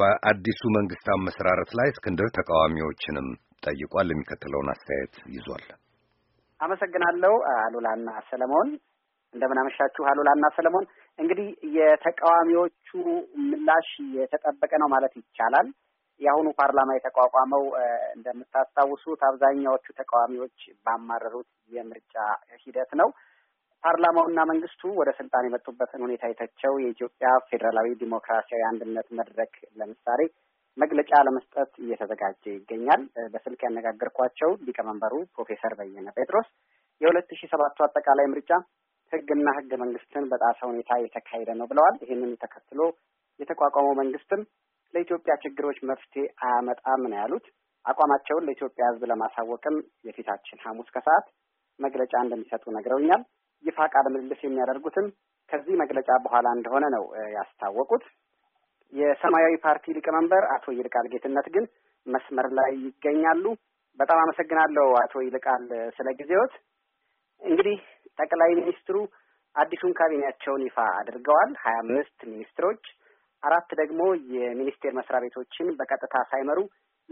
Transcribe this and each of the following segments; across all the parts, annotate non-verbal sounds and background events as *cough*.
በአዲሱ መንግስት አመሰራረት ላይ እስክንድር ተቃዋሚዎችንም ጠይቋል። የሚከተለውን አስተያየት ይዟል። አመሰግናለሁ አሉላና ሰለሞን። እንደምናመሻችሁ አሉላና ሰለሞን። እንግዲህ የተቃዋሚዎቹ ምላሽ የተጠበቀ ነው ማለት ይቻላል። የአሁኑ ፓርላማ የተቋቋመው እንደምታስታውሱት አብዛኛዎቹ ተቃዋሚዎች ባማረሩት የምርጫ ሂደት ነው። ፓርላማውና መንግስቱ ወደ ስልጣን የመጡበትን ሁኔታ የተቸው የኢትዮጵያ ፌዴራላዊ ዲሞክራሲያዊ አንድነት መድረክ ለምሳሌ መግለጫ ለመስጠት እየተዘጋጀ ይገኛል። በስልክ ያነጋገርኳቸው ሊቀመንበሩ ፕሮፌሰር በየነ ጴጥሮስ የሁለት ሺ ሰባቱ አጠቃላይ ምርጫ ህግና ህገ መንግስትን በጣሰ ሁኔታ የተካሄደ ነው ብለዋል። ይህንን ተከትሎ የተቋቋመው መንግስትም ለኢትዮጵያ ችግሮች መፍትሄ አያመጣም ነው ያሉት። አቋማቸውን ለኢትዮጵያ ህዝብ ለማሳወቅም የፊታችን ሐሙስ ከሰዓት መግለጫ እንደሚሰጡ ነግረውኛል። ይፋ ቃለ ምልልስ የሚያደርጉትም ከዚህ መግለጫ በኋላ እንደሆነ ነው ያስታወቁት። የሰማያዊ ፓርቲ ሊቀመንበር አቶ ይልቃል ጌትነት ግን መስመር ላይ ይገኛሉ። በጣም አመሰግናለሁ አቶ ይልቃል ስለ ጊዜዎት። እንግዲህ ጠቅላይ ሚኒስትሩ አዲሱን ካቢኔያቸውን ይፋ አድርገዋል። ሀያ አምስት ሚኒስትሮች፣ አራት ደግሞ የሚኒስቴር መስሪያ ቤቶችን በቀጥታ ሳይመሩ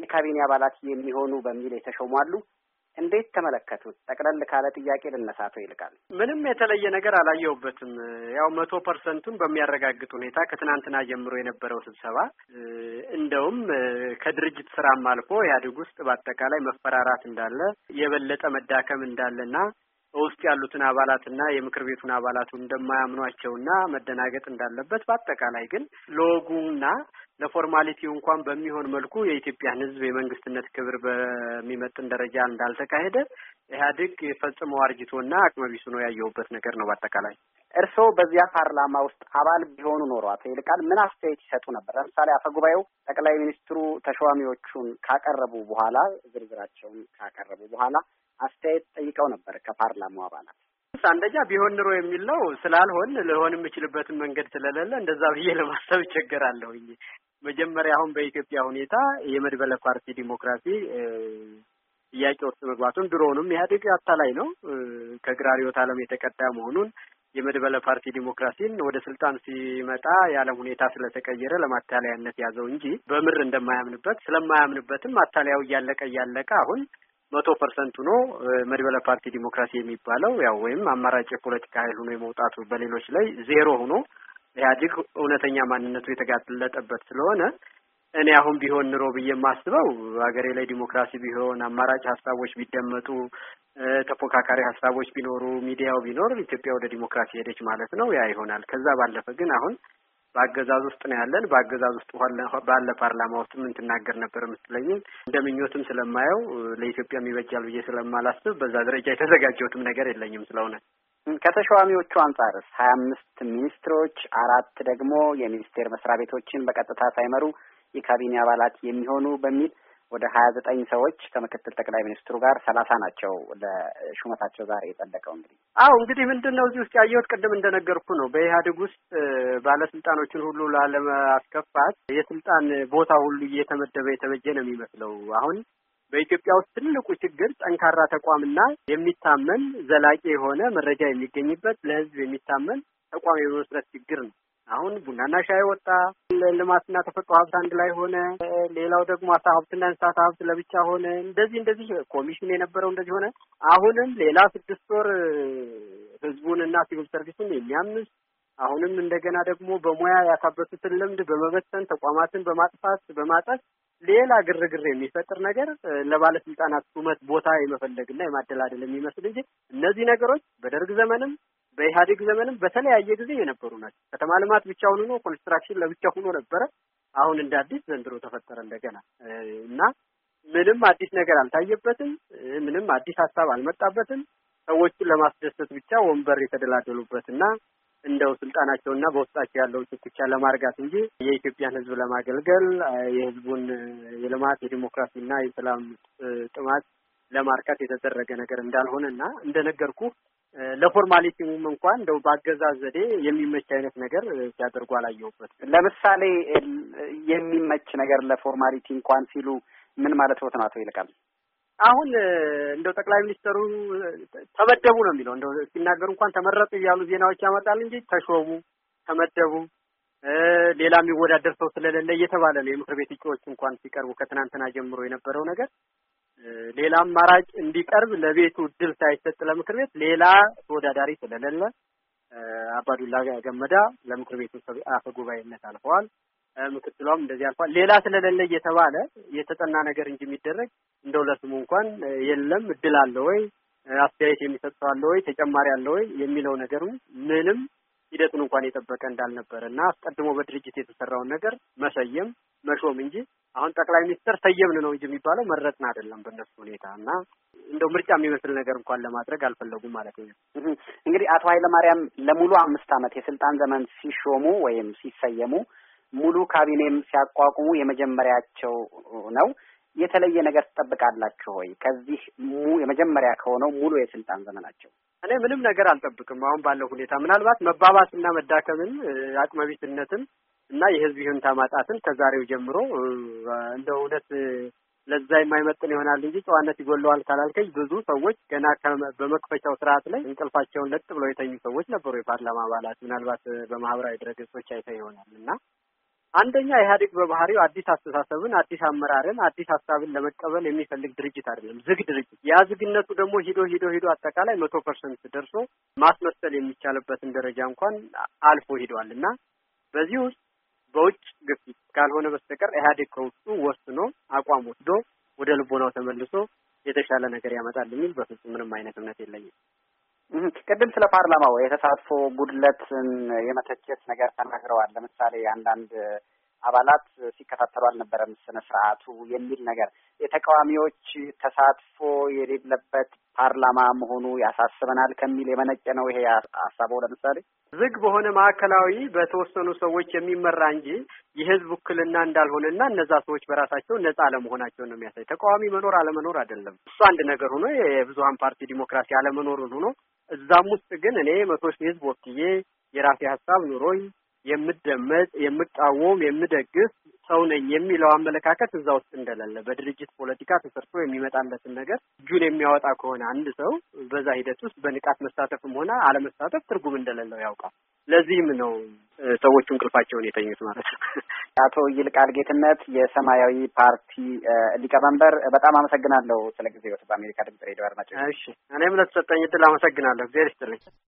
የካቢኔ አባላት የሚሆኑ በሚል የተሾሟሉ። እንዴት ተመለከቱት? ጠቅለል ካለ ጥያቄ ልነሳቶ ይልቃል። ምንም የተለየ ነገር አላየሁበትም። ያው መቶ ፐርሰንቱን በሚያረጋግጥ ሁኔታ ከትናንትና ጀምሮ የነበረው ስብሰባ እንደውም ከድርጅት ስራም አልፎ ኢህአዴግ ውስጥ በአጠቃላይ መፈራራት እንዳለ የበለጠ መዳከም እንዳለና ውስጥ ያሉትን አባላትና የምክር ቤቱን አባላቱ እንደማያምኗቸውና መደናገጥ እንዳለበት በአጠቃላይ ግን ሎጉና ለፎርማሊቲው እንኳን በሚሆን መልኩ የኢትዮጵያን ሕዝብ የመንግስትነት ክብር በሚመጥን ደረጃ እንዳልተካሄደ ኢህአዴግ ፈጽሞ አርጅቶና አቅመቢሱ ነው ያየሁበት ነገር ነው። በአጠቃላይ እርስዎ በዚያ ፓርላማ ውስጥ አባል ቢሆኑ ኖሮ አቶ ይልቃል ምን አስተያየት ይሰጡ ነበር? ለምሳሌ አፈ ጉባኤው ጠቅላይ ሚኒስትሩ ተሿሚዎቹን ካቀረቡ በኋላ ዝርዝራቸውን ካቀረቡ በኋላ አስተያየት ጠይቀው ነበር ከፓርላማው አባላት። አንደኛ ቢሆን ኑሮ የሚለው ስላልሆን ልሆን የምችልበትን መንገድ ስለሌለ እንደዛ ብዬ ለማሰብ ይቸገራለሁኝ። መጀመሪያ አሁን በኢትዮጵያ ሁኔታ የመድበለ ፓርቲ ዲሞክራሲ ጥያቄ ውስጥ መግባቱን ድሮውንም ኢህአዴግ አታላይ ነው፣ ከግራ ርዕዮተ ዓለም የተቀዳ መሆኑን የመድበለ ፓርቲ ዲሞክራሲን ወደ ስልጣን ሲመጣ የዓለም ሁኔታ ስለተቀየረ ለማታለያነት ያዘው እንጂ በምር እንደማያምንበት ስለማያምንበትም አታለያው እያለቀ እያለቀ አሁን መቶ ፐርሰንት ሆኖ መድበለ ፓርቲ ዲሞክራሲ የሚባለው ያው ወይም አማራጭ የፖለቲካ ኃይል ሆኖ የመውጣቱ በሌሎች ላይ ዜሮ ሆኖ ኢህአዲግ እውነተኛ ማንነቱ የተጋለጠበት ስለሆነ እኔ አሁን ቢሆን ኑሮ ብዬ የማስበው ሀገሬ ላይ ዲሞክራሲ ቢሆን አማራጭ ሀሳቦች ቢደመጡ ተፎካካሪ ሀሳቦች ቢኖሩ ሚዲያው ቢኖር ኢትዮጵያ ወደ ዲሞክራሲ ሄደች ማለት ነው። ያ ይሆናል። ከዛ ባለፈ ግን አሁን በአገዛዝ ውስጥ ነው ያለን። በአገዛዝ ውስጥ ባለ ፓርላማ ውስጥ ምን ትናገር ነበር የምትለኝም እንደ ምኞትም ስለማየው ለኢትዮጵያም ይበጃል ብዬ ስለማላስብ በዛ ደረጃ የተዘጋጀሁትም ነገር የለኝም። ስለሆነ ከተሿሚዎቹ አንጻርስ ሀያ አምስት ሚኒስትሮች፣ አራት ደግሞ የሚኒስቴር መስሪያ ቤቶችን በቀጥታ ሳይመሩ የካቢኔ አባላት የሚሆኑ በሚል ወደ ሀያ ዘጠኝ ሰዎች ከምክትል ጠቅላይ ሚኒስትሩ ጋር ሰላሳ ናቸው ለሹመታቸው ዛሬ የጸደቀው። እንግዲህ አዎ እንግዲህ ምንድን ነው እዚህ ውስጥ ያየሁት ቅድም እንደነገርኩ ነው። በኢህአዴግ ውስጥ ባለስልጣኖችን ሁሉ ላለማስከፋት የስልጣን ቦታ ሁሉ እየተመደበ የተበጀ ነው የሚመስለው አሁን በኢትዮጵያ ውስጥ ትልቁ ችግር ጠንካራ ተቋምና የሚታመን ዘላቂ የሆነ መረጃ የሚገኝበት ለህዝብ የሚታመን ተቋም የመመስረት ችግር ነው። አሁን ቡናና ሻይ ወጣ፣ ልማትና ተፈጥሮ ሀብት አንድ ላይ ሆነ፣ ሌላው ደግሞ አሳ ሀብትና እንስሳት ሀብት ለብቻ ሆነ። እንደዚህ እንደዚህ ኮሚሽን የነበረው እንደዚህ ሆነ። አሁንም ሌላ ስድስት ወር ህዝቡንና ሲቪል ሰርቪስን የሚያምስ አሁንም እንደገና ደግሞ በሙያ ያካበቱትን ልምድ በመበተን ተቋማትን በማጥፋት በማጠፍ ሌላ ግርግር የሚፈጥር ነገር ለባለስልጣናት ሹመት ቦታ የመፈለግና የማደላደል የሚመስል እንጂ እነዚህ ነገሮች በደርግ ዘመንም በኢህአዴግ ዘመንም በተለያየ ጊዜ የነበሩ ናቸው። ከተማ ልማት ብቻ ሆኖ ኮንስትራክሽን ለብቻ ሆኖ ነበረ። አሁን እንደ አዲስ ዘንድሮ ተፈጠረ እንደገና እና ምንም አዲስ ነገር አልታየበትም። ምንም አዲስ ሀሳብ አልመጣበትም። ሰዎቹን ለማስደሰት ብቻ ወንበር የተደላደሉበት እና እንደው ስልጣናቸውና በውስጣቸው ያለው ትኩቻ ለማርጋት እንጂ የኢትዮጵያን ሕዝብ ለማገልገል የሕዝቡን የልማት የዲሞክራሲና የሰላም ጥማት ለማርካት የተደረገ ነገር እንዳልሆነ እና እንደነገርኩ ለፎርማሊቲውም እንኳን እንደው በአገዛዝ ዘዴ የሚመች አይነት ነገር ሲያደርጉ አላየሁበት። ለምሳሌ የሚመች ነገር ለፎርማሊቲ እንኳን ሲሉ ምን ማለት ወት ነው? አቶ ይልቃል አሁን እንደው ጠቅላይ ሚኒስትሩ ተመደቡ ነው የሚለው። እንደው ሲናገሩ እንኳን ተመረጡ እያሉ ዜናዎች ያመጣል እንጂ ተሾሙ፣ ተመደቡ ሌላ የሚወዳደር ሰው ስለሌለ እየተባለ ነው። የምክር ቤት እጩዎች እንኳን ሲቀርቡ ከትናንትና ጀምሮ የነበረው ነገር ሌላ አማራጭ እንዲቀርብ ለቤቱ እድል ሳይሰጥ ለምክር ቤት ሌላ ተወዳዳሪ ስለሌለ አባዱላ ገመዳ ለምክር ቤቱ አፈ ጉባኤነት አልፈዋል። ምክትሏም እንደዚህ አልፏል። ሌላ ስለሌለ እየተባለ የተጠና ነገር እንጂ የሚደረግ እንደው ለስሙ እንኳን የለም። እድል አለ ወይ አስተያየት የሚሰጥ ሰው አለ ወይ ተጨማሪ አለ ወይ የሚለው ነገሩ ምንም ሂደቱን እንኳን የጠበቀ እንዳልነበረ እና አስቀድሞ በድርጅት የተሰራውን ነገር መሰየም መሾም እንጂ አሁን ጠቅላይ ሚኒስትር ሰየምን ነው እንጂ የሚባለው መረጥን አይደለም በእነሱ ሁኔታ እና እንደው ምርጫ የሚመስል ነገር እንኳን ለማድረግ አልፈለጉም ማለት ነው። እንግዲህ አቶ ኃይለማርያም ለሙሉ አምስት ዓመት የስልጣን ዘመን ሲሾሙ ወይም ሲሰየሙ ሙሉ ካቢኔም ሲያቋቁሙ የመጀመሪያቸው ነው። የተለየ ነገር ትጠብቃላችሁ ወይ ከዚህ የመጀመሪያ ከሆነው ሙሉ የስልጣን ዘመናቸው? እኔ ምንም ነገር አልጠብቅም። አሁን ባለው ሁኔታ ምናልባት መባባስና መዳከምን አቅመቢትነትን እና የህዝብ ይሁንታ ማጣትን ከዛሬው ጀምሮ እንደ እውነት ለዛ የማይመጥን ይሆናል እንጂ ጨዋነት ይጎለዋል ካላልከኝ ብዙ ሰዎች ገና በመክፈቻው ስርዓት ላይ እንቅልፋቸውን ለጥ ብለው የተኙ ሰዎች ነበሩ። የፓርላማ አባላት ምናልባት በማህበራዊ ድረገጾች አይተህ ይሆናል እና አንደኛ ኢህአዴግ በባህሪው አዲስ አስተሳሰብን፣ አዲስ አመራርን፣ አዲስ ሀሳብን ለመቀበል የሚፈልግ ድርጅት አይደለም። ዝግ ድርጅት። ያ ዝግነቱ ደግሞ ሂዶ ሂዶ ሂዶ አጠቃላይ መቶ ፐርሰንት ደርሶ ማስመሰል የሚቻልበትን ደረጃ እንኳን አልፎ ሂዷል እና በዚህ ውስጥ በውጭ ግፊት ካልሆነ በስተቀር ኢህአዴግ ከውጭ ወስኖ አቋም ወስዶ ወደ ልቦናው ተመልሶ የተሻለ ነገር ያመጣል የሚል በፍጹም ምንም አይነት እምነት የለኝም። ቅድም ስለ ፓርላማው የተሳትፎ ጉድለትን የመተቸት ነገር ተናግረዋል። ለምሳሌ አንዳንድ አባላት ሲከታተሉ አልነበረም ስነ ስርዓቱ የሚል ነገር የተቃዋሚዎች ተሳትፎ የሌለበት ፓርላማ መሆኑ ያሳስበናል ከሚል የመነጨ ነው ይሄ ሀሳቦ። ለምሳሌ ዝግ በሆነ ማዕከላዊ በተወሰኑ ሰዎች የሚመራ እንጂ የህዝብ ውክልና እንዳልሆነና እነዛ ሰዎች በራሳቸው ነጻ አለመሆናቸው ነው የሚያሳይ። ተቃዋሚ መኖር አለመኖር አይደለም። እሱ አንድ ነገር ሆኖ የብዙሀን ፓርቲ ዲሞክራሲ አለመኖሩን ሆኖ እዛም ውስጥ ግን እኔ መቶ ህዝብ ወክዬ የራሴ ሀሳብ ኑሮኝ የምደመጥ፣ የምቃወም፣ የምደግፍ ሰው ነኝ የሚለው አመለካከት እዛ ውስጥ እንደሌለ በድርጅት ፖለቲካ ተሰርቶ የሚመጣለትን ነገር እጁን የሚያወጣ ከሆነ አንድ ሰው በዛ ሂደት ውስጥ በንቃት መሳተፍም ሆነ አለመሳተፍ ትርጉም እንደሌለው ያውቃል። ለዚህም ነው ሰዎቹ እንቅልፋቸውን የተኙት ማለት ነው። *laughs* አቶ ይልቃል ጌትነት የሰማያዊ ፓርቲ ሊቀመንበር፣ በጣም አመሰግናለሁ ስለ ጊዜዎት። በአሜሪካ ድምጽ ሬዲዮ አድማጮች፣ እሺ እኔም ለተሰጠኝ እድል አመሰግናለሁ። እግዚአብሔር ይስጥልኝ።